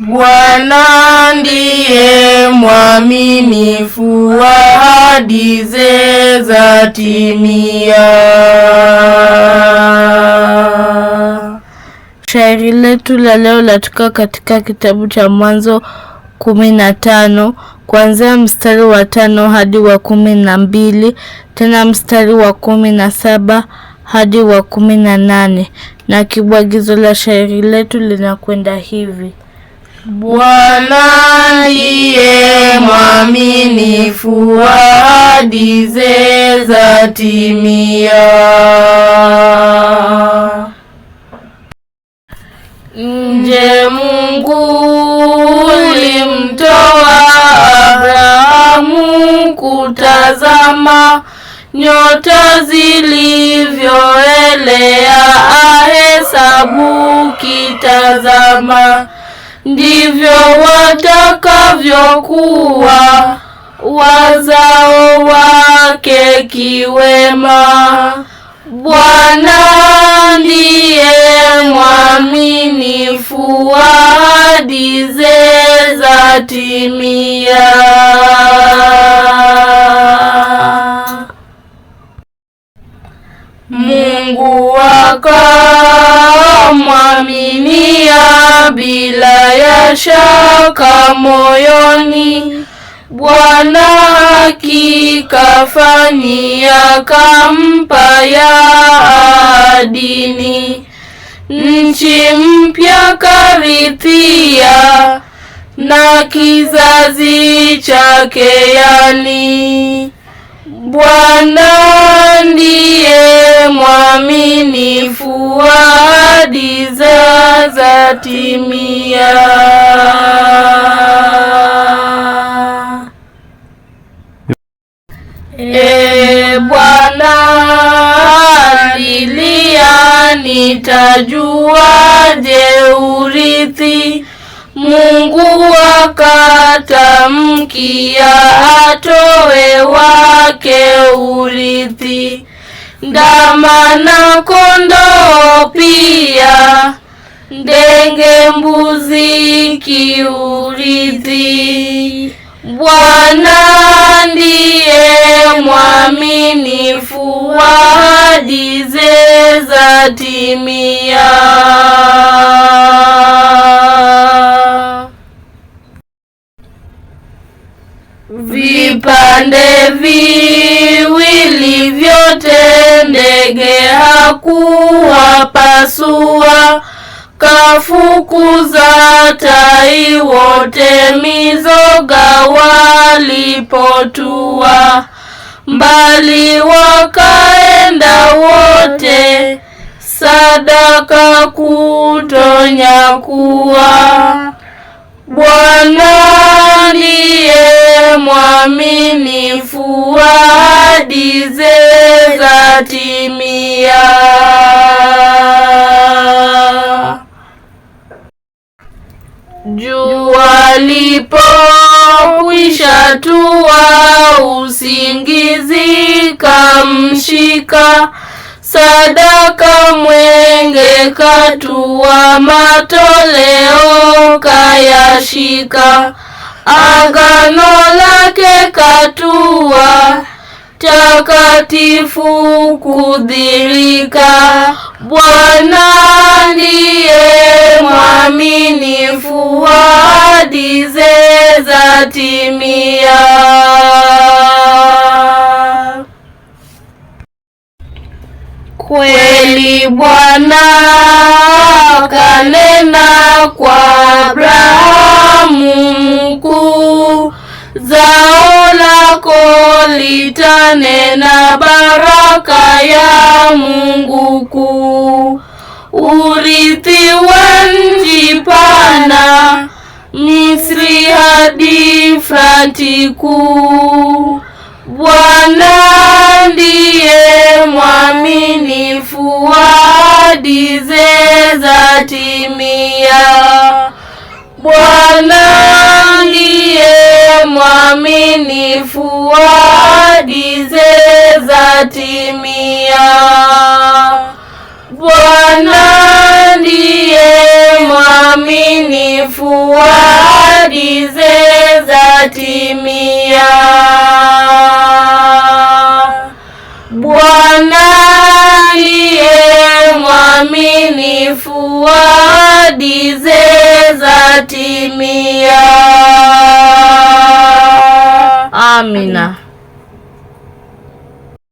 Bwana ndiye mwaminifu, ahadi za timia. Shairi letu la leo latoka katika kitabu cha Mwanzo kumi na tano kuanzia mstari wa tano hadi wa kumi na mbili tena mstari wa kumi na saba hadi wa kumi na nane na kibwagizo la shairi letu linakwenda hivi: Bwana ndiye mwaminifu, ahadi zake zatimia. Nje Mungu ulimtoa Abrahamu kutazama nyota zilivyoelea, ahesabu kitazama ndivyo watakavyokuwa wazao wake kiwema. Bwana ndiye mwaminifu, ahadi ze zatimia. Mungu wako bila shaka moyoni, Bwana akikafanyia kampa ya adini, nchi mpya karithia na kizazi chake yani. Bwana ndiye mwaminifu, ahadi za zatimia. nitajuaje urithi? Mungu akatamkia atoe wake urithi, ndama na kondoo pia, ndenge mbuzi kiurithi. Bwana ndiye mwaminifu, ahadi zake zatimia. Vipande viwili vyote ndege hakuwapasua kafukuza tai wote, mizoga walipotua mbali, wakaenda wote, sadaka kutonyakua. Bwana ndiye mwaminifu, ahadi ze zatimia. Jua lipokwisha tua, usingizi kamshika. Sadaka mwenge katua, matoleo kayashika. Agano lake katua takatifu kudhirika. Bwana ndiye mwaminifu, ahadi zake zatimia. Kweli Bwana kanena kwa Abrahamu mkuu za lako litanena baraka ya Mungu kuu. Urithi wa nchi pana, Misri hadi Frati kuu. Bwana ndiye mwaminifu, ahadi zake zatimia. Bwana mwaminifu za timia. Bwana ndiye mwaminifu za timia. Bwana ndiye mwaminifu za timia. mina